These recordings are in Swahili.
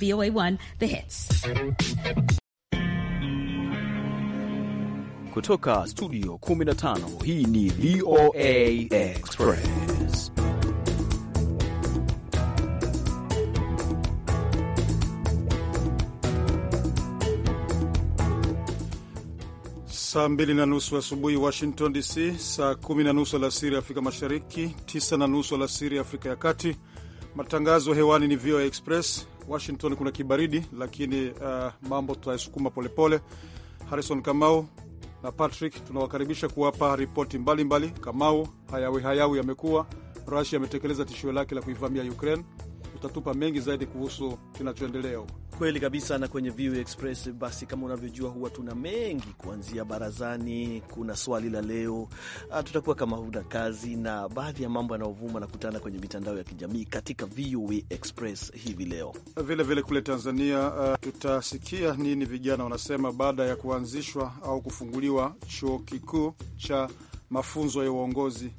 VOA1 The Hits. Kutoka studio 15 hii ni VOA Express. Saa mbili na nusu asubuhi wa Washington DC, saa kumi na nusu alasiri Afrika Mashariki, tisa na nusu alasiri Afrika ya Kati. Matangazo hewani ni VOA Express. Washington kuna kibaridi, lakini uh, mambo tutayasukuma polepole. Harrison Kamau na Patrick tunawakaribisha kuwapa ripoti mbalimbali. Kamau, hayawi hayawi yamekuwa rasia ametekeleza tishio lake la kuivamia Ukraine. Utatupa mengi zaidi kuhusu kinachoendelea huko. Kweli kabisa. Na kwenye VOA Express, basi kama unavyojua, huwa tuna mengi kuanzia barazani, kuna swali la leo, ah, tutakuwa kama huna kazi, na baadhi ya mambo yanayovuma na kutana kwenye mitandao ya kijamii katika VOA Express hivi leo. Vilevile vile kule Tanzania, uh, tutasikia nini vijana wanasema baada ya kuanzishwa au kufunguliwa chuo kikuu cha mafunzo ya uongozi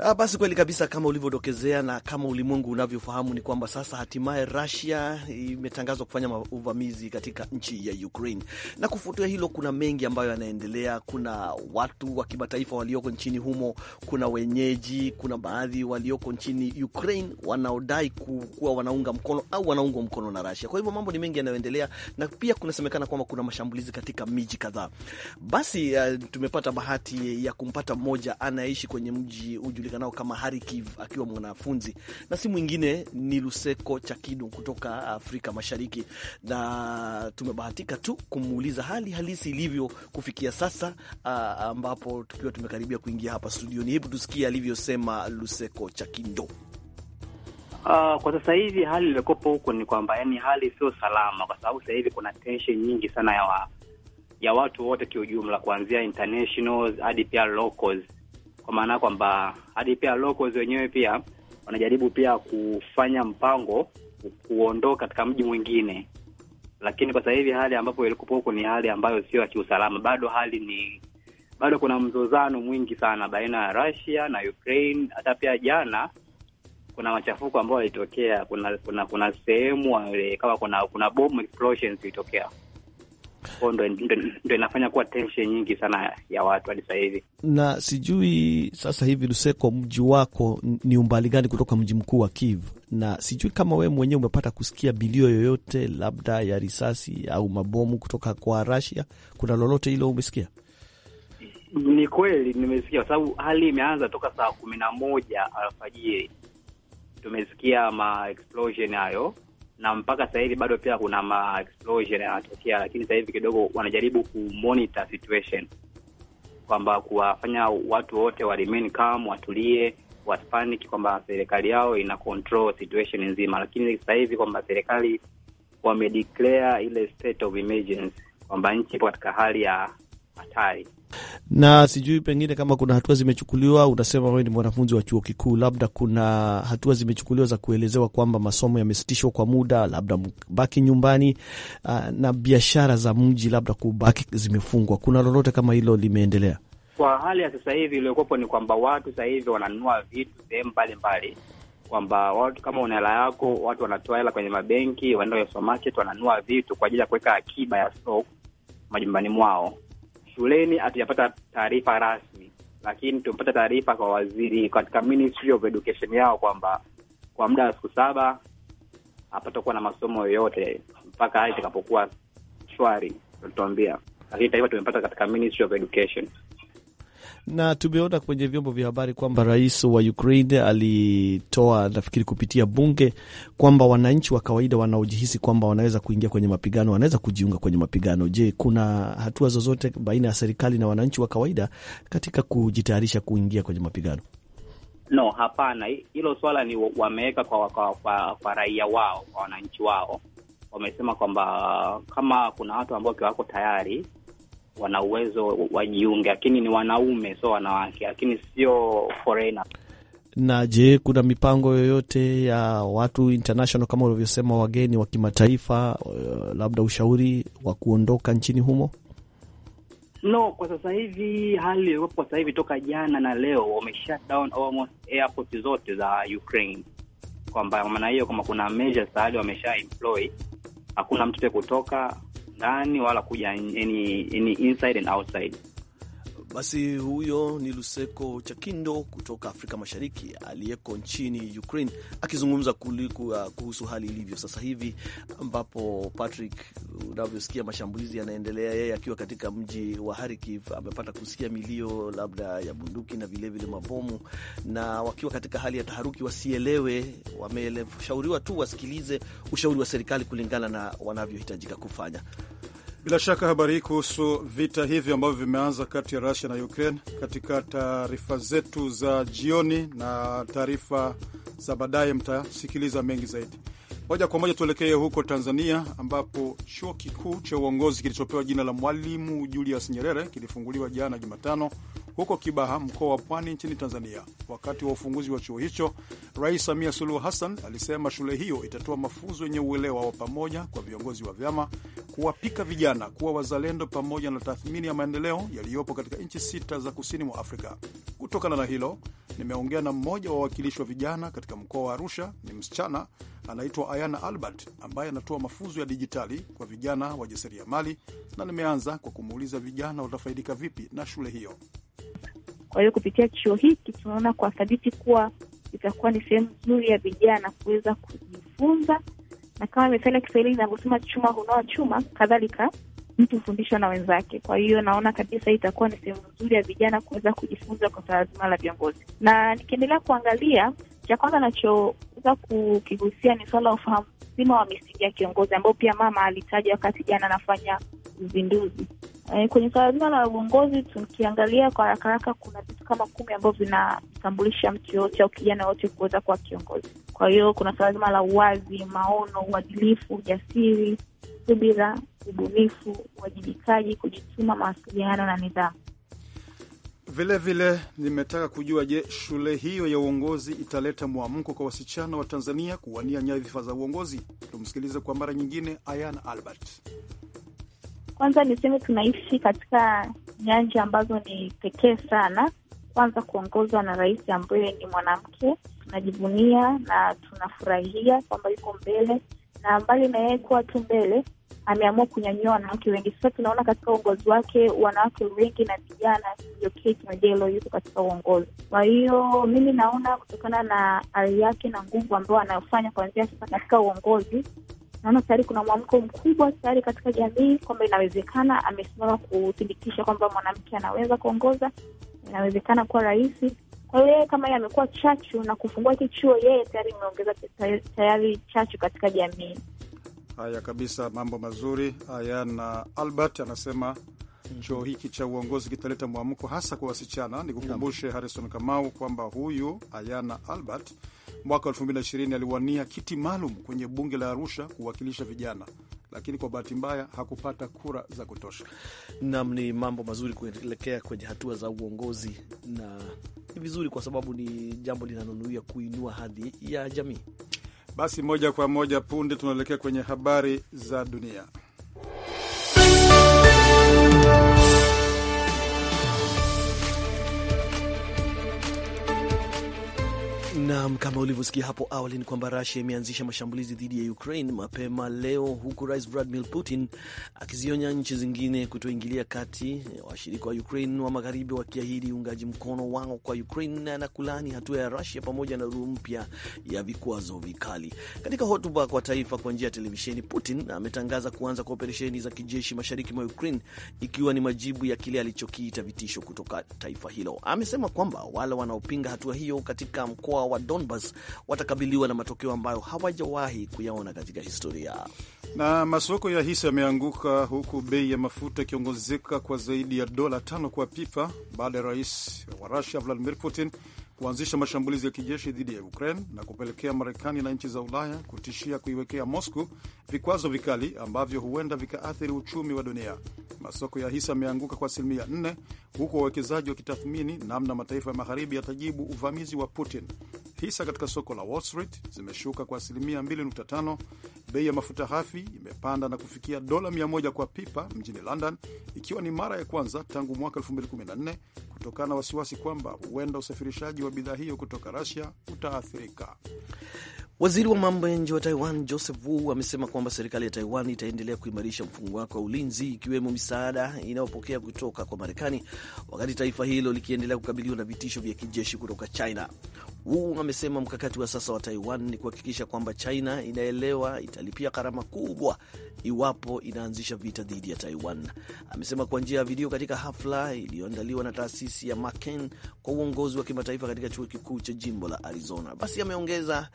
Ah, basi kweli kabisa, kama ulivyodokezea na kama ulimwengu unavyofahamu, ni kwamba sasa hatimaye Russia imetangazwa kufanya uvamizi katika nchi ya Ukraine, na kufuatia hilo kuna mengi ambayo yanaendelea. Kuna watu wa kimataifa walioko nchini humo, kuna wenyeji, kuna baadhi walioko nchini Ukraine wanaodai kuwa wanaunga mkono au wanaungwa mkono na Russia. Kwa hivyo mambo ni mengi yanayoendelea, na pia kunasemekana kwamba kuna mashambulizi katika miji kadhaa. Basi uh, tumepata bahati ya kumpata mmoja anayeishi kwenye mji ajulikanao kama Kiv akiwa mwanafunzi, na si mwingine ni Luseko Chakidu kutoka Afrika Mashariki, na tumebahatika tu kumuuliza hali halisi ilivyo kufikia sasa, ambapo tukiwa tumekaribia kuingia hapa studioni. Hebu tusikie alivyosema Luseko Chakindo. Uh, kwa sasa hivi hali iliyokopo huko ni kwamba yani hali sio salama, kwa sababu sasa hivi kuna tension nyingi sana ya wa, ya watu wote kiujumla, kuanzia internationals hadi pia locals kwa maana kwamba hadi pia locals wenyewe pia wanajaribu pia kufanya mpango kuondoka katika mji mwingine, lakini kwa sasa hivi hali ambapo ilikuwa huko ni hali ambayo sio ya kiusalama bado, hali ni bado, kuna mzozano mwingi sana baina ya Russia na Ukraine. Hata pia jana kuna machafuko ambayo yalitokea, kuna kuna kuna sehemu kama kuna kuna bomb explosions ilitokea Kwao ndo, ndo, ndo inafanya kuwa tension nyingi sana ya watu hadi sasa hivi. Na sijui sasa hivi Luseko, mji wako ni umbali gani kutoka mji mkuu wa Kiev? Na sijui kama wewe mwenyewe umepata kusikia bilio yoyote labda ya risasi au mabomu kutoka kwa Russia, kuna lolote hilo umesikia? Ni kweli nimesikia, kwa sababu hali imeanza toka saa kumi na moja alfajiri tumesikia ma explosion hayo na mpaka sasa hivi bado pia kuna ma explosion yanatokea, lakini sasa hivi kidogo wanajaribu monitor situation kwamba kuwafanya watu wote wa remain calm, watulie, wasipanic kwamba serikali yao ina control situation nzima, lakini sasa hivi kwamba serikali wamedeclare ile state of emergency kwamba nchi ipo katika hali ya hatari. Na sijui pengine kama kuna hatua zimechukuliwa, unasema wewe ni mwanafunzi wa chuo kikuu, labda kuna hatua zimechukuliwa za kuelezewa kwamba masomo yamesitishwa kwa muda, labda mbaki nyumbani, ah, na biashara za mji labda kubaki zimefungwa. Kuna lolote kama hilo limeendelea? Kwa hali ya sasa hivi iliyokuwepo ni kwamba watu sasa hivi wananunua vitu sehemu mbalimbali, kwamba watu kama una hela yako, watu wanatoa hela kwenye mabenki, wanaenda supermarket, wananunua vitu kwa ajili ya kuweka akiba ya stock majumbani mwao shuleni hatujapata taarifa rasmi, lakini tumepata taarifa kwa waziri katika Ministry of Education yao kwamba kwa muda wa siku saba hapatakuwa na masomo yoyote mpaka hali itakapokuwa shwari, tutuambia. Lakini taarifa tumepata katika Ministry of Education na tumeona kwenye vyombo vya habari kwamba rais wa Ukraine alitoa nafikiri kupitia bunge kwamba wananchi wa kawaida wanaojihisi kwamba wanaweza kuingia kwenye mapigano wanaweza kujiunga kwenye mapigano. Je, kuna hatua zozote baina ya serikali na wananchi wa kawaida katika kujitayarisha kuingia kwenye mapigano? No, hapana. Hilo swala ni wameweka kwa, kwa, kwa, kwa raia wao, kwa wananchi wao. Wamesema kwamba kama kuna watu ambao wako tayari wana uwezo wajiunge, lakini ni wanaume, sio wanawake, lakini sio foreigner. Na je, kuna mipango yoyote ya watu international kama ulivyosema, wageni wa kimataifa, eh, labda ushauri wa kuondoka nchini humo? No, kwa sasa hivi hali iliyopo sasa hivi toka jana na leo wame shut down almost airport zote za Ukraine, kwamba maana hiyo kama kuna measures tayari wamesha employ, hakuna mtu te kutoka ndani wala kuja yani inside and outside. Basi huyo ni Luseko Chakindo kutoka Afrika Mashariki aliyeko nchini Ukraine akizungumza kuliku, uh, kuhusu hali ilivyo sasa hivi, ambapo Patrick, unavyosikia mashambulizi yanaendelea, yeye akiwa katika mji wa Kharkiv amepata kusikia milio labda ya bunduki na vilevile mabomu, na wakiwa katika hali ya taharuki, wasielewe. Wameshauriwa tu wasikilize ushauri wa serikali kulingana na wanavyohitajika kufanya. Bila shaka habari hii kuhusu vita hivyo ambavyo vimeanza kati ya Rusia na Ukraine. Katika taarifa zetu za jioni na taarifa za baadaye, mtasikiliza mengi zaidi. Moja kwa moja tuelekee huko Tanzania, ambapo chuo kikuu cha uongozi kilichopewa jina la Mwalimu Julius Nyerere kilifunguliwa jana Jumatano huko Kibaha, mkoa wa Pwani, nchini Tanzania. Wakati wa ufunguzi wa chuo hicho, Rais Samia Suluhu Hassan alisema shule hiyo itatoa mafunzo yenye uelewa wa pamoja kwa viongozi wa vyama, kuwapika vijana kuwa wazalendo pamoja na tathmini ya maendeleo yaliyopo katika nchi sita za kusini mwa Afrika. Kutokana na hilo, nimeongea na mmoja wa wawakilishi wa vijana katika mkoa wa Arusha. Ni msichana anaitwa Ayana Albert ambaye anatoa mafunzo ya dijitali kwa vijana wajasiriamali, na nimeanza kwa kumuuliza vijana watafaidika vipi na shule hiyo. Kwa hiyo kupitia chuo hiki tunaona kwa thabiti kuwa itakuwa ni sehemu nzuri ya vijana kuweza kujifunza na kama methali ya Kiswahili inavyosema chuma hunoa chuma, kadhalika mtu hufundishwa na wenzake. Kwa hiyo naona kabisa itakuwa ni sehemu nzuri ya vijana kuweza kujifunza kwa swala zima la viongozi, na nikiendelea kuangalia, cha kwanza nachoweza kukigusia ni swala la ufahamu mzima wa misingi ya kiongozi, ambao pia mama alitaja wakati jana anafanya uzinduzi e, kwenye swala zima la uongozi. Tukiangalia kwa haraka haraka, kuna vitu kama kumi ambavyo vinatambulisha mtu yoyote au kijana yoyote kuweza kuwa kiongozi. Kwa hiyo kuna swala zima la uwazi, maono, uadilifu, ujasiri, subira, ubunifu, uwajibikaji, kujituma, mawasiliano na nidhamu. Vilevile nimetaka kujua, je, shule hiyo ya uongozi italeta mwamko kwa wasichana wa Tanzania kuwania nyadhifa za uongozi? Tumsikilize kwa mara nyingine Ayan Albert. Kwanza niseme tunaishi katika nyanja ambazo ni pekee sana. Kwanza kuongozwa na rais ambaye ni mwanamke tunajivunia na tunafurahia kwamba yuko mbele, na mbali na yeye kuwa tu mbele, ameamua kunyanyua wanawake wengi. Sasa tunaona katika uongozi wake wanawake wengi na vijana, ndio Kate Majelo yuko katika uongozi. Kwa hiyo mimi naona kutokana na hali yake na nguvu ambayo anayofanya kuanzia sasa katika uongozi naona tayari kuna mwamko mkubwa tayari katika jamii kwamba inawezekana. Amesimama kuthibitisha kwamba mwanamke anaweza kuongoza, inawezekana kuwa rais, kwa hiyo yeye kama yeye amekuwa chachu na kufungua hiki chuo, yeye tayari imeongeza tayari chachu katika jamii. Haya kabisa, mambo mazuri haya. Na Albert anasema chuo hiki cha uongozi kitaleta mwamko hasa kwa wasichana. Nikukumbushe Harrison Kamau kwamba huyu Ayana Albert mwaka 2020 aliwania kiti maalum kwenye bunge la Arusha kuwakilisha vijana, lakini kwa bahati mbaya hakupata kura za kutosha. Nam, ni mambo mazuri kuelekea kwenye hatua za uongozi, na ni vizuri kwa sababu ni jambo linanunuia kuinua hadhi ya jamii. Basi moja kwa moja punde tunaelekea kwenye habari za dunia. Naam, kama ulivyosikia hapo awali ni kwamba rasia imeanzisha mashambulizi dhidi ya Ukraine mapema leo, huku Rais Vladimir Putin akizionya nchi zingine kutoingilia kati, washirika wa Ukraine wa magharibi wakiahidi uungaji mkono wao kwa Ukraine na kulaani hatua ya rasia pamoja na ruu mpya ya vikwazo vikali. Katika hotuba kwa taifa kwa njia ya televisheni, Putin ametangaza kuanza kwa operesheni za kijeshi mashariki mwa Ukraine, ikiwa ni majibu ya kile alichokiita vitisho kutoka taifa hilo. Amesema kwamba wale wanaopinga hatua hiyo katika mkoa mkoa wa Donbas watakabiliwa na matokeo ambayo hawajawahi kuyaona katika historia. Na masoko ya hisa yameanguka huku bei ya mafuta ikiongezeka kwa zaidi ya dola tano kwa pipa baada ya rais wa Rusia Vladimir Putin kuanzisha mashambulizi ya kijeshi dhidi ya Ukraine na kupelekea Marekani na nchi za Ulaya kutishia kuiwekea Moscow vikwazo vikali ambavyo huenda vikaathiri uchumi wa dunia. Masoko ya hisa yameanguka kwa asilimia 4 huku wawekezaji wakitathmini namna mataifa ya magharibi yatajibu uvamizi wa Putin. Hisa katika soko la Wall Street zimeshuka kwa asilimia 2.5. Bei ya mafuta hafi imepanda na kufikia dola 100 kwa pipa mjini London, ikiwa ni mara ya kwanza tangu mwaka 2014 kutokana na wasiwasi kwamba huenda usafirishaji wa bidhaa hiyo kutoka rasia utaathirika. Waziri wa mambo ya nje wa Taiwan Joseph Wu amesema kwamba serikali ya Taiwan itaendelea kuimarisha mfungo wake wa ulinzi, ikiwemo misaada inayopokea kutoka kwa Marekani, wakati taifa hilo likiendelea kukabiliwa na vitisho vya kijeshi kutoka China. Wu amesema mkakati wa sasa wa Taiwan ni kuhakikisha kwamba China inaelewa italipia gharama kubwa iwapo inaanzisha vita dhidi ya Taiwan. Amesema kwa njia ya video katika hafla iliyoandaliwa na taasisi ya Maken kwa uongozi wa kimataifa katika chuo kikuu cha jimbo la Arizona. Basi ameongeza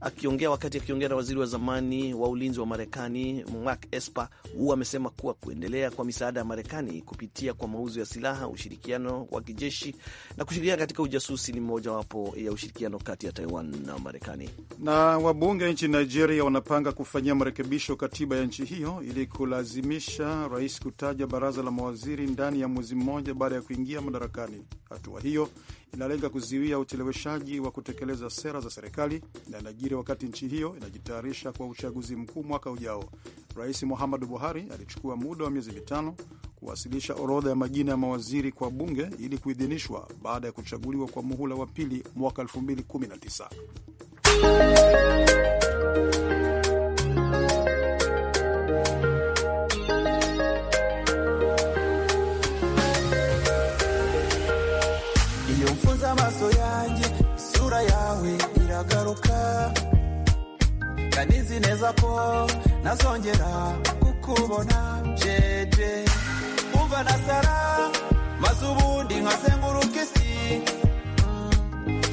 akiongea, wakati akiongea na waziri wa zamani wa ulinzi wa Marekani Mark Esper, Wu amesema kuwa kuendelea kwa misaada ya Marekani kupitia kwa mauzo ya silaha, ushirikiano wa kijeshi na kushirikiana katika ujasusi ni mojawapo ya ushirikiano ushirikiano kati ya Taiwan na Marekani. Na wabunge nchini Nigeria wanapanga kufanyia marekebisho katiba ya nchi hiyo ili kulazimisha rais kutaja baraza la mawaziri ndani ya mwezi mmoja baada ya kuingia madarakani. Hatua hiyo inalenga kuziwia ucheleweshaji wa kutekeleza sera za serikali na inajiri wakati nchi hiyo inajitayarisha kwa uchaguzi mkuu mwaka ujao. Rais Muhammadu Buhari alichukua muda wa miezi mitano kuwasilisha orodha ya majina ya mawaziri kwa bunge ili kuidhinishwa baada ya kuchaguliwa kwa muhula wa pili mwaka 2019. ntazongera kukubona jeje umva na sara maze ubundi nkazenguruka isi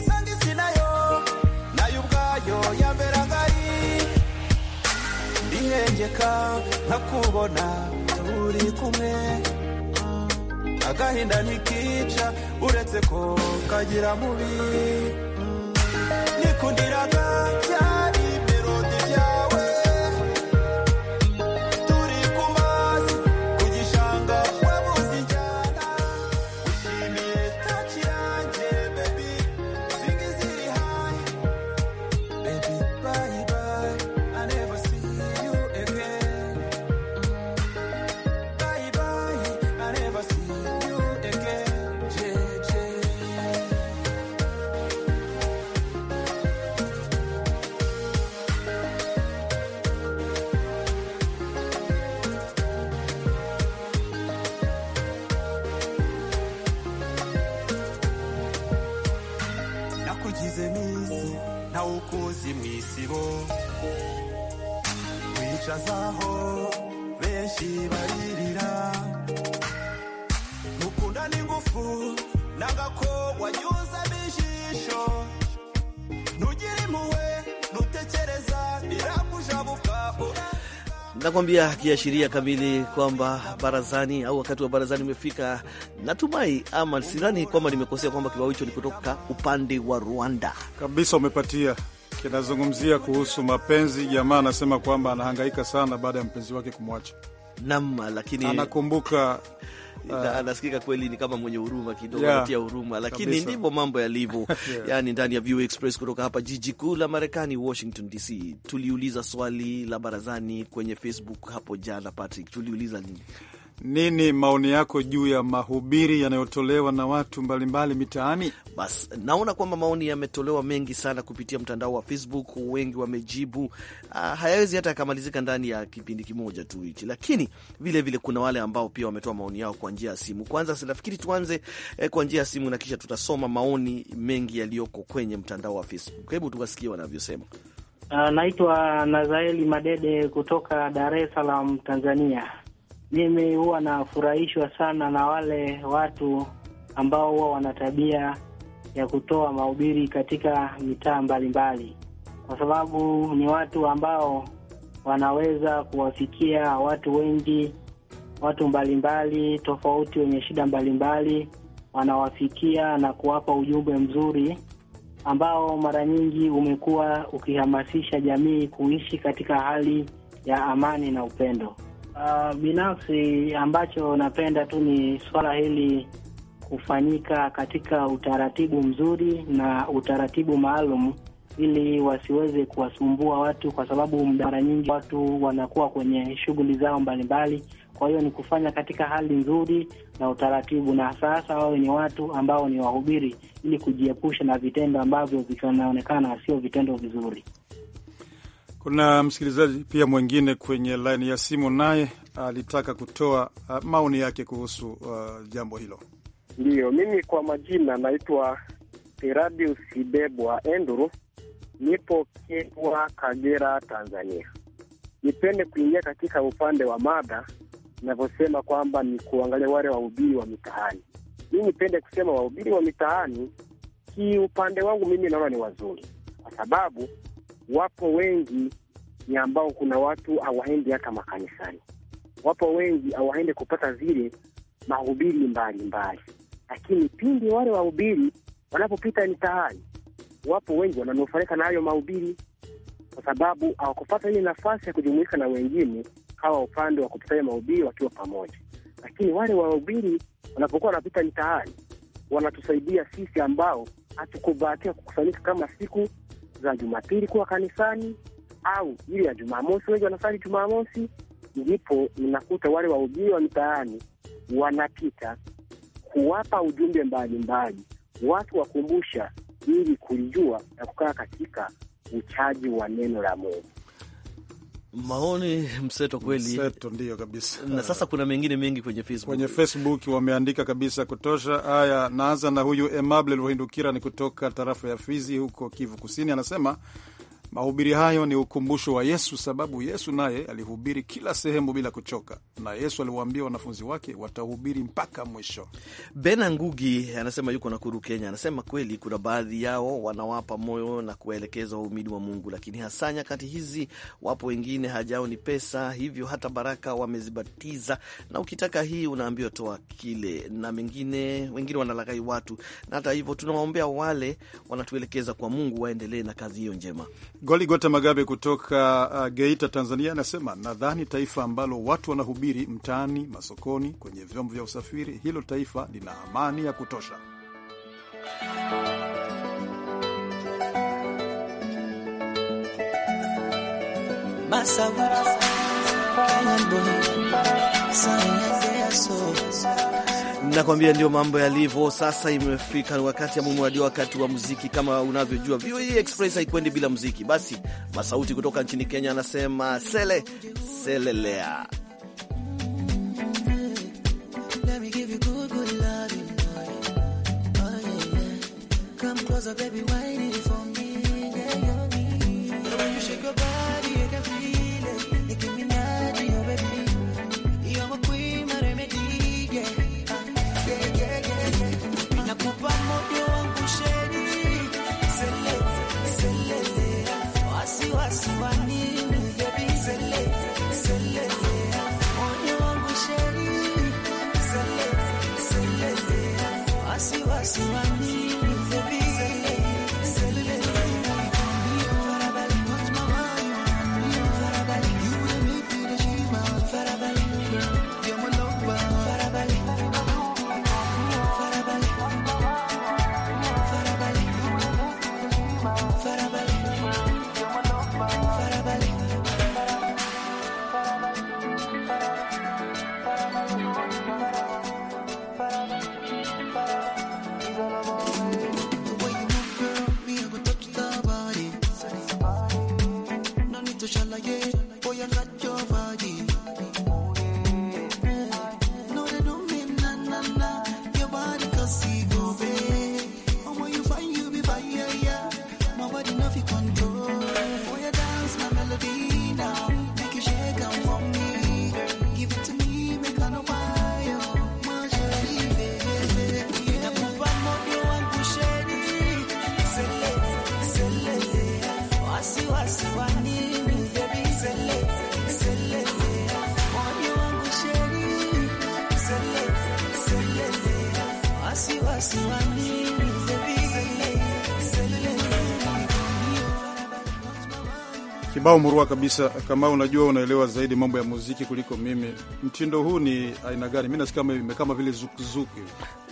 sanga isi nayo nayo ubwayo yamberaga ndihengeka nkakubona turi kumwe agahinda ntikica uretse ko kagira mubi nikundiraga cyane nakwambia kiashiria kamili kwamba barazani au wakati wa barazani umefika. Natumai ama sidhani kwamba nimekosea kwamba kibao hicho ni kutoka upande wa Rwanda kabisa, umepatia kinazungumzia kuhusu mapenzi. Jamaa anasema kwamba anahangaika sana baada ya mpenzi wake kumwacha nam, lakini anakumbuka uh, anasikika kweli ni kama mwenye huruma kidogo, yeah, Natia huruma, lakini ndivyo mambo yalivyo yeah. Yani ndani ya VOA Express kutoka hapa jiji kuu la Marekani, Washington DC, tuliuliza swali la barazani kwenye Facebook hapo jana. Patrick, tuliuliza nini? Nini maoni yako juu ya mahubiri yanayotolewa na watu mbalimbali mitaani? Bas, naona kwamba maoni yametolewa mengi sana kupitia mtandao wa Facebook. Wengi wamejibu. Uh, hayawezi hata yakamalizika ndani ya kipindi kimoja tu hichi, lakini vilevile vile kuna wale ambao pia wametoa maoni yao kwa njia ya simu. Kwanza nafikiri tuanze eh, kwa njia ya simu na kisha tutasoma maoni mengi yaliyoko kwenye mtandao wa Facebook. Hebu tuwasikie wanavyosema. Uh, naitwa Nazaeli Madede kutoka Dar es Salaam, Tanzania mimi huwa nafurahishwa sana na wale watu ambao huwa wana tabia ya kutoa mahubiri katika mitaa mbalimbali, kwa sababu ni watu ambao wanaweza kuwafikia watu wengi, watu mbalimbali tofauti, wenye shida mbalimbali, wanawafikia na kuwapa ujumbe mzuri ambao mara nyingi umekuwa ukihamasisha jamii kuishi katika hali ya amani na upendo. Uh, binafsi ambacho napenda tu ni swala hili kufanyika katika utaratibu mzuri na utaratibu maalum, ili wasiweze kuwasumbua watu, kwa sababu mara nyingi watu wanakuwa kwenye shughuli zao mbalimbali. Kwa hiyo ni kufanya katika hali nzuri na utaratibu, na sasa wawe ni watu ambao ni wahubiri, ili kujiepusha na vitendo ambavyo vikanaonekana sio vitendo vizuri. Kuna msikilizaji pia mwingine kwenye laini ya simu, naye alitaka kutoa uh, maoni yake kuhusu uh, jambo hilo. Ndiyo, mimi kwa majina naitwa Teradius Kidebwa Enduru, nipo Kyerwa, Kagera, Tanzania. Nipende kuingia katika upande wa mada inavyosema kwamba ni kuangalia wale wahubiri wa mitaani. Mimi nipende kusema wahubiri wa mitaani, kiupande wangu mimi naona ni wazuri, kwa sababu Wapo wengi ni ambao kuna watu hawaendi hata makanisani, wapo wengi hawaende kupata zile mahubiri mbalimbali, lakini pindi wale wahubiri wanapopita mitaani, wapo wengi wananufaika na hayo mahubiri, kwa sababu hawakupata ile nafasi ya kujumuika na wengine hawa upande wa kupitia mahubiri wakiwa pamoja. Lakini wale wahubiri wanapokuwa wanapita mitaani, wanatusaidia sisi ambao hatukubahatika kukusanyika kama siku za Jumapili kuwa kanisani au ile ya Jumamosi. Wengi wanasali Jumamosi, ndipo unakuta wale wahubiri wa mitaani wanapita kuwapa ujumbe mbalimbali watu wakumbusha, ili kulijua na kukaa katika uchaji wa neno la Mungu. Maoni mseto kweli, mseto ndio kabisa. Na sasa kuna mengine mengi kwenye Facebook, kwenye Facebook wameandika kabisa kutosha. Haya, naanza na huyu Emable Lohindukira, ni kutoka tarafa ya Fizi huko Kivu Kusini, anasema Mahubiri hayo ni ukumbusho wa Yesu, sababu Yesu naye alihubiri kila sehemu bila kuchoka, na Yesu aliwaambia wanafunzi wake watahubiri mpaka mwisho. Bena Ngugi anasema, yuko Nakuru, Kenya, anasema kweli kuna baadhi yao wanawapa moyo na kuwaelekeza waumini wa Mungu, lakini hasa nyakati hizi wapo wengine hajao ni pesa, hivyo hata baraka wamezibatiza, na ukitaka hii unaambiwa toa kile, na mengine wengine wanalaghai watu, na hata hivyo tunawaombea wale wanatuelekeza kwa Mungu waendelee na kazi hiyo njema. Goligota Magabe kutoka uh, Geita, Tanzania, anasema nadhani taifa ambalo watu wanahubiri mtaani, masokoni, kwenye vyombo vya usafiri, hilo taifa lina amani ya kutosha. Masawa, Nakwambia ndio mambo yalivyo. Sasa imefika wakati ya adio wakati wa muziki. Kama unavyojua, VOA e Express haikwendi bila muziki. Basi Masauti kutoka nchini Kenya anasema sele selelea You. Kibao murua kabisa. Kama unajua unaelewa zaidi mambo ya muziki kuliko mimi. Mtindo huu ni aina gani? Mi nasikia kama vile zukuzuku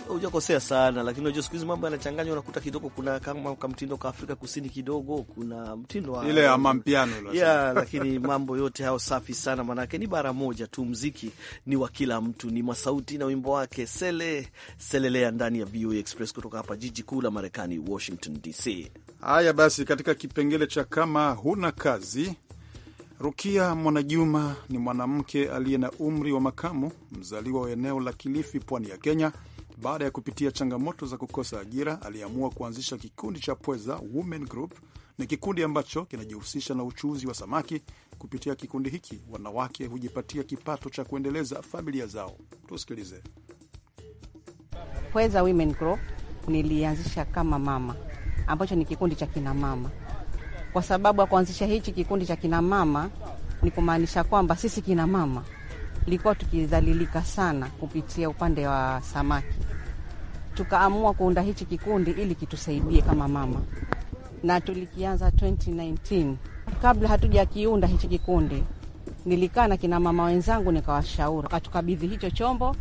Hujakosea sana, lakini unajua siku hizi mambo yanachanganywa, unakuta kidogo kuna kama kamtindo ka Afrika Kusini kidogo, kuna mtindo wa ile amampiano yeah, lakini mambo yote hayo safi sana, manake ni bara moja tu, mziki ni wa kila mtu, ni Masauti na wimbo wake sele selelea, ndani ya VOA e Express kutoka hapa jiji kuu la Marekani, Washington DC. Haya basi, katika kipengele cha kama huna kazi Rukia Mwanajuma ni mwanamke aliye na umri wa makamu, mzaliwa wa eneo la Kilifi, pwani ya Kenya, baada ya kupitia changamoto za kukosa ajira, aliamua kuanzisha kikundi cha Pweza Women Group. Ni kikundi ambacho kinajihusisha na uchuuzi wa samaki. Kupitia kikundi hiki, wanawake hujipatia kipato cha kuendeleza familia zao. Tusikilize. Pweza Women Group nilianzisha kama mama, ambacho ni kikundi cha kinamama. Kwa sababu ya kuanzisha hichi kikundi cha kinamama, ni kumaanisha kwamba sisi kinamama tulikuwa tukidhalilika sana kupitia upande wa samaki. Tukaamua kuunda hichi kikundi ili kitusaidie kama mama, na tulikianza 2019. Kabla hatujakiunda hichi kikundi, nilikaa na kina mama wenzangu nikawashauri, katukabidhi hicho chombo.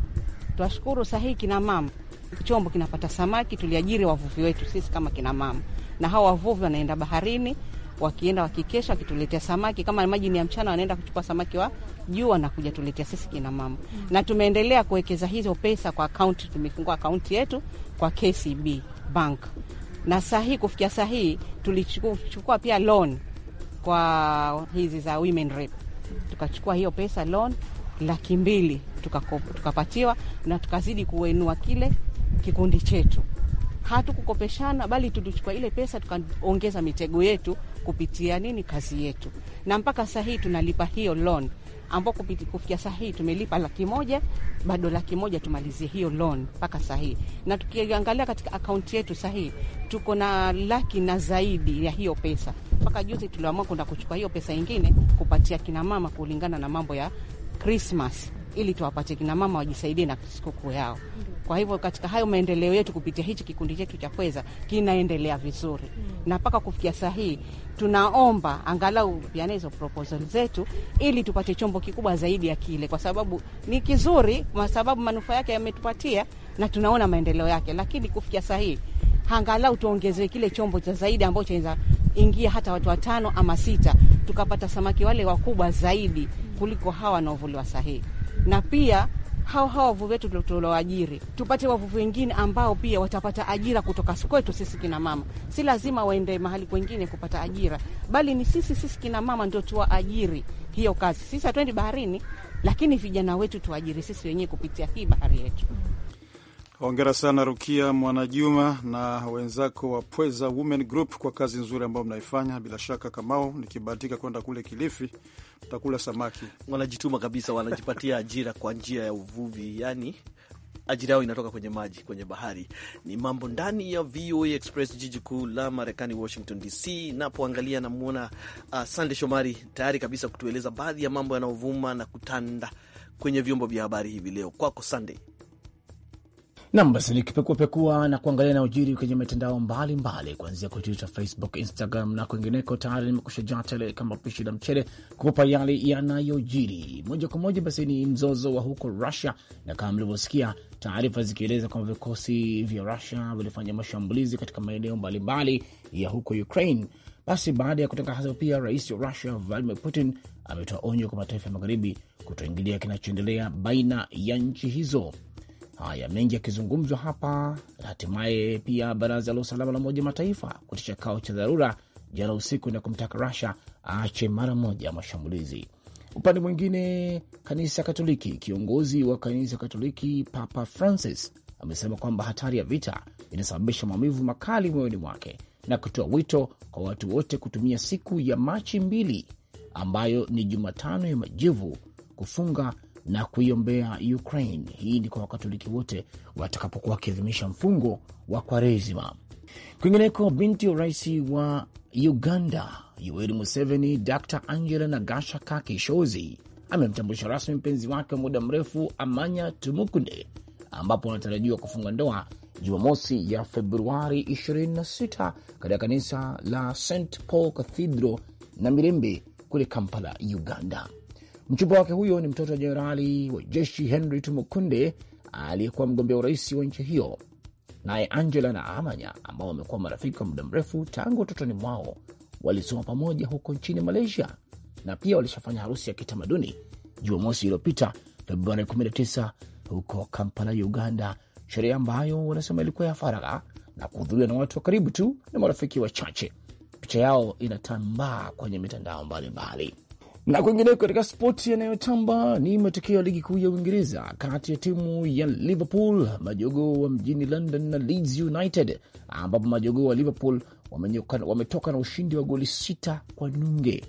Twashukuru sahii kina mama chombo kinapata samaki. Tuliajiri wavuvi wetu sisi kama kina mama, na hawa wavuvi wanaenda baharini, wakienda wakikesha, wakituletea samaki. Kama maji ni ya mchana, wanaenda kuchukua samaki wa juu wanakuja tuletea sisi kina mama mm. na tumeendelea kuwekeza hizo pesa kwa akaunti, tumefungua akaunti yetu kwa KCB Bank na sahii kufikia sahii tulichukua pia loan kwa hizi za women rep, tukachukua hiyo pesa loan laki mbili tukapatiwa, tuka na tukazidi kuenua kile kikundi chetu. Hatukukopeshana bali tulichukua ile pesa tukaongeza mitego yetu kupitia nini, kazi yetu, na mpaka sahii tunalipa hiyo loan ambao kufikia saa hii tumelipa laki moja, bado laki moja tumalizie hiyo loan mpaka saa hii. Na tukiangalia katika akaunti yetu saa hii tuko na laki na zaidi ya hiyo pesa. Mpaka juzi tuliamua kwenda kuchukua hiyo pesa ingine kupatia kinamama kulingana na mambo ya Krismas ili tuwapatie kinamama wajisaidie na sikukuu yao. Kwa hivyo katika hayo maendeleo yetu kupitia hichi kikundi chetu cha Kweza kinaendelea vizuri mm. na mpaka kufikia saa hii tunaomba angalau piana hizo proposal zetu ili tupate chombo kikubwa zaidi ya kile, kwa sababu ni kizuri, kwa sababu manufaa yake yametupatia na tunaona maendeleo yake, lakini kufikia saa hii angalau tuongezee kile chombo cha zaidi ambacho chaweza ingia hata watu watano ama sita, tukapata samaki wale wakubwa zaidi kuliko hawa wanaovuliwa sahihi, na pia hao hao wavuvi wetu tulioajiri, tupate wavuvi wengine ambao pia watapata ajira kutoka kwetu sisi kinamama. Si lazima waende mahali kwengine kupata ajira, bali ni sisi sisi kinamama ndio tuwaajiri hiyo kazi. Sisi hatuendi baharini, lakini vijana wetu tuwaajiri sisi wenyewe kupitia hii bahari yetu. Hongera sana Rukia Mwanajuma na wenzako wa Pweza Women Group kwa kazi nzuri ambayo mnaifanya. Bila shaka Kamao, nikibahatika kwenda kule Kilifi utakula samaki. Wanajituma kabisa, wanajipatia ajira kwa njia ya uvuvi, yani ajira yao inatoka kwenye maji, kwenye bahari. Ni mambo ndani ya VOA Express, jiji kuu la Marekani, Washington DC. Napoangalia namwona uh, Sande Shomari tayari kabisa kutueleza baadhi ya mambo yanayovuma na kutanda kwenye vyombo vya habari hivi leo. Kwako Sande. Nam, basi nikipekuapekua na kuangalia na ujiri kwenye mitandao mbalimbali, kuanzia kwa Twitter, Facebook, Instagram na kwingineko, tayari nimekusha jaa tele kama pishi la mchele kukupa yale yanayojiri moja kwa moja. Basi ni mzozo wa huko Russia, na kama mlivyosikia taarifa zikieleza kwamba vikosi vya Russia vilifanya mashambulizi katika maeneo mbalimbali ya huko Ukraine. Basi baada ya kutangaza pia, rais wa Russia Vladimir Putin ametoa onyo kwa mataifa ya magharibi kutoingilia kinachoendelea baina ya nchi hizo. Haya mengi yakizungumzwa hapa. Hatimaye pia baraza la usalama la Umoja Mataifa kutisha kao cha dharura jana usiku na kumtaka Russia aache mara moja mashambulizi. Upande mwingine, kanisa Katoliki, kiongozi wa kanisa Katoliki Papa Francis amesema kwamba hatari ya vita inasababisha maumivu makali moyoni mwake na kutoa wito kwa watu wote kutumia siku ya Machi mbili ambayo ni Jumatano ya Majivu kufunga na kuiombea Ukraine. Hii ni kwa Wakatoliki wote watakapokuwa wakiadhimisha mfungo wa Kwaresima. Kwingineko, binti wa rais wa Uganda Yoweri Museveni, Dr Angela Nagasha Kakishozi amemtambulisha rasmi mpenzi wake wa muda mrefu Amanya Tumukunde, ambapo wanatarajiwa kufunga ndoa Jumamosi ya Februari 26 katika kanisa la St Paul Cathedral na Mirembe kule Kampala, Uganda. Mchumba wake huyo ni mtoto wa jenerali wa jeshi Henry Tumukunde aliyekuwa mgombea urais wa nchi hiyo. Naye Angela na Amanya, ambao wamekuwa marafiki kwa muda mrefu tangu utotoni mwao, walisoma pamoja huko nchini Malaysia na pia walishafanya harusi ya kitamaduni Jumamosi iliyopita Februari 19 huko Kampala, Uganda, sherehe ambayo wanasema ilikuwa ya faragha na kuhudhuriwa na watu wa karibu tu na marafiki wachache. Picha yao inatambaa kwenye mitandao mbalimbali mbali. Na kwingineko katika spoti, yanayotamba ni matokeo ya ligi kuu ya Uingereza kati ya timu ya Liverpool majogoo wa mjini London na Leeds United, ambapo majogoo wa Liverpool wametoka na ushindi wa goli sita kwa nunge.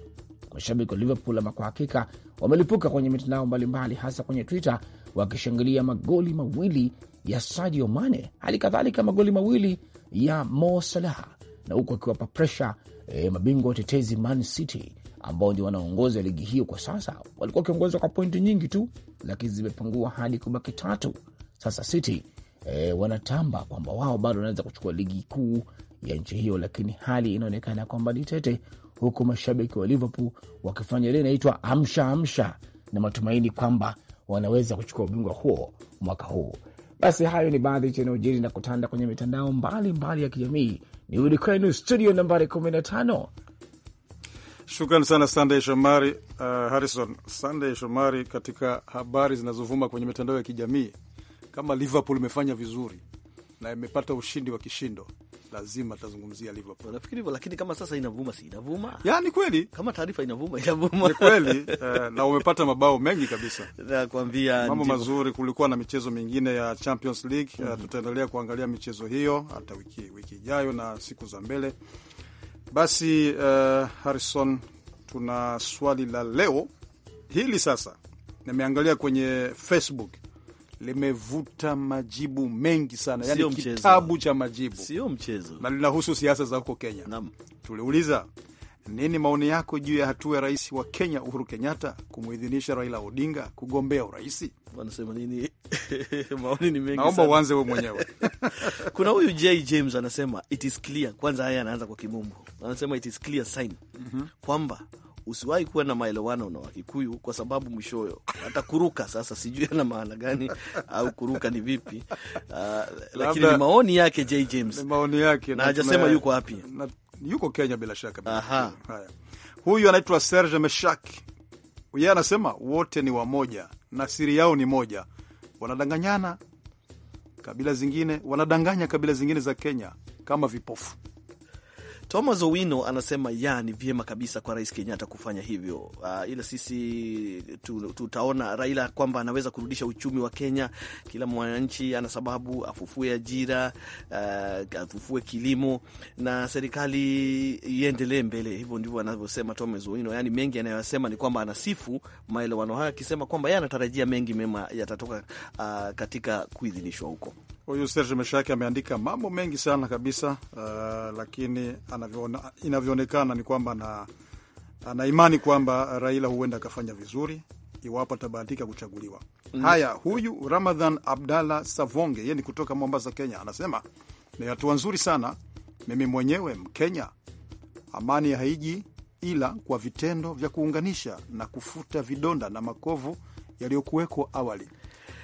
Mashabiki wa Liverpool ama kwa hakika wamelipuka kwenye mitandao mbalimbali, hasa kwenye Twitter wakishangilia magoli mawili ya Sadio Mane, hali kadhalika magoli mawili ya Mo Salah na huku akiwapa presha eh, mabingwa watetezi Man City ambao ndio wanaongoza ligi hiyo kwa sasa. Walikuwa wakiongozwa kwa pointi nyingi tu, lakini zimepungua hadi kubaki tatu. Sasa City e, wanatamba kwamba wao bado wanaweza kuchukua ligi kuu ya nchi hiyo, lakini hali inaonekana kwamba ni tete, huku mashabiki wa Liverpool wakifanya ile inaitwa amsha amsha na matumaini kwamba wanaweza kuchukua ubingwa huo mwaka huu. Basi hayo ni baadhi yanayojiri na kutanda kwenye mitandao mbalimbali mbali ya kijamii ni urudi kwenu studio nambari 15. Shukran sana Sandey Shomari. Uh, Harrison Sandey Shomari, katika habari zinazovuma kwenye mitandao ya kijamii, kama Liverpool imefanya vizuri na imepata ushindi wa kishindo lazima tutazungumzia Liverpool. Nafikiri hivyo, lakini kama sasa inavuma, si inavuma? Yani kweli kama taarifa inavuma, inavuma ni kweli eh, na umepata mabao mengi kabisa, nakwambia mambo mazuri. Kulikuwa na michezo mingine ya Champions League mm -hmm. tutaendelea kuangalia michezo hiyo hata wiki wiki ijayo na siku za mbele. Basi uh, Harrison, tuna swali la leo hili sasa, nimeangalia kwenye Facebook mm limevuta majibu mengi sana, yani kitabu cha majibu, sio mchezo, na linahusu siasa za huko Kenya. Naam. Tuliuliza nini maoni yako juu ya hatua ya rais wa Kenya Uhuru Kenyatta kumuidhinisha Raila Odinga kugombea urais? Wanasema nini? Maoni ni mengi. Naomba uanze wewe mwenyewe. Kuna huyu J James anasema it is clear. Kwanza haya anaanza kwa kimombo, anasema it is clear sign mm -hmm. kwamba usiwahi kuwa na maelewano na Wakikuyu kwa sababu mwishoyo hata kuruka. Sasa sijui ana maana gani au kuruka ni vipi? Uh, lakini ni maoni yake J James, maoni yake na hajasema yuko wapi. Yuko Kenya bila shaka, Haya, huyu anaitwa Serge Meshak, yeye anasema wote ni wamoja na siri yao ni moja, wanadanganyana kabila zingine, wanadanganya kabila zingine za Kenya kama vipofu. Thomas Owino anasema ya ni vyema kabisa kwa Rais Kenyatta kufanya hivyo. Uh, ila sisi tutaona Raila kwamba anaweza kurudisha uchumi wa Kenya. Kila mwananchi ana sababu afufue ajira, uh, afufue kilimo na serikali iendelee mbele. Hivyo ndivyo anavyosema Thomas Owino. Yani mengi anayosema ni kwamba anasifu maelewano hayo, akisema kwamba yeye anatarajia mengi mema yatatoka uh, katika kuidhinishwa huko. Huyu Serge Meshaki ameandika mambo mengi sana kabisa, uh, lakini inavyoonekana ni kwamba na ana imani kwamba Raila huenda akafanya vizuri iwapo atabahatika kuchaguliwa. Mm. Haya, huyu Ramadhan Abdalla Savonge, yeye ni kutoka Mombasa, Kenya, anasema ni hatua nzuri sana. Mimi mwenyewe Mkenya, amani haiji ila kwa vitendo vya kuunganisha na kufuta vidonda na makovu yaliyokuwekwa awali.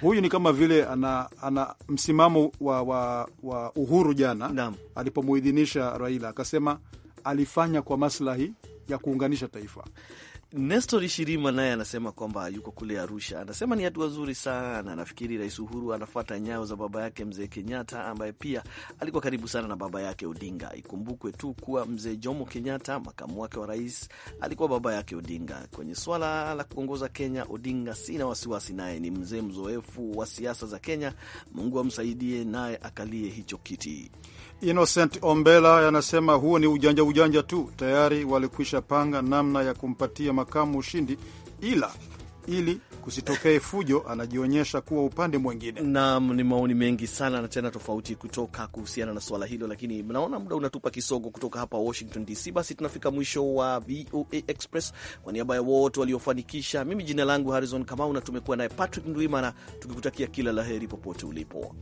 Huyu ni kama vile ana, ana msimamo wa, wa, wa Uhuru jana alipomuidhinisha Raila akasema alifanya kwa maslahi ya kuunganisha taifa. Nestor Shirima naye anasema kwamba yuko kule Arusha, anasema ni hatua nzuri sana. Nafikiri Rais Uhuru anafuata nyayo za baba yake Mzee Kenyatta, ambaye pia alikuwa karibu sana na baba yake Odinga. Ikumbukwe tu kuwa Mzee Jomo Kenyatta, makamu wake wa rais, alikuwa baba yake Odinga. Kwenye swala la kuongoza Kenya, Odinga sina wasiwasi naye, ni mzee mzoefu wa siasa za Kenya. Mungu amsaidie naye akalie hicho kiti. Innocent Ombela anasema huo ni ujanja ujanja tu, tayari walikwisha panga namna ya kumpatia makamu ushindi, ila ili kusitokee fujo, anajionyesha kuwa upande mwingine. Naam, ni maoni mengi sana na tena tofauti kutoka kuhusiana na swala hilo, lakini naona muda unatupa kisogo. Kutoka hapa Washington DC, basi tunafika mwisho wa VOA Express. Kwa niaba ya wote waliofanikisha, mimi jina langu Harrison Kamau na tumekuwa naye Patrick Ndwimana, tukikutakia kila laheri popote ulipo.